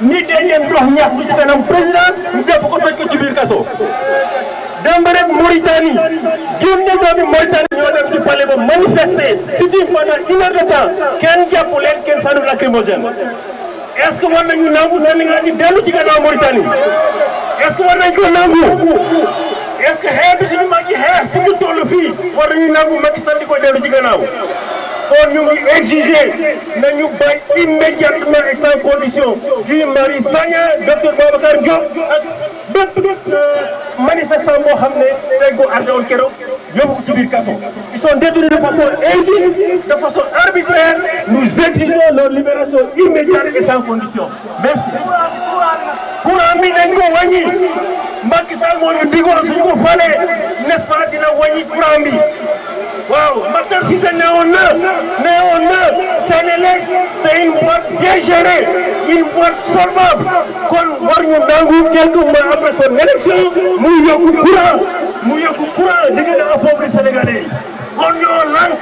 ni dee ngeen jox ñax bu ci kanam présidence ñu jàpp ko toj ko ci biir kaso démb rek Mauritanie junni doomi Mauritanie ñoo dem ci palais ba manifester sit-in pendant une heure que war nañu nangu Sénégal di dellu ci gannaaw Mauritanie est war nañ nangu est-ce que xeex bi suñu ñu toll fii war nañu nangu Macky dellu ci gannaaw kon ñu ngi exiger nañu bay immédiatement et sans condition Guy Marius Sagna docteur Babacar Diop ak bépp euh, manifestant boo xam ne dañ koo arrêté woon keroog yóbbu ko ci biir kaso. ils sont détenus de façon injuste de façon arbitraire nous exigeons leur libération immédiate et sans condition merci. courant bi dañ ko wàññi Macky Sall moo ñu dina wàññi courant bi waaw Makhtar Cissé neewoon c'est une boîte dégérée une boîte solvable kon war ñu nangu quelque mois après son élection mu yokku courant mu yokku courant di gën a appauvrir sénégalais yi kon ñoo lànk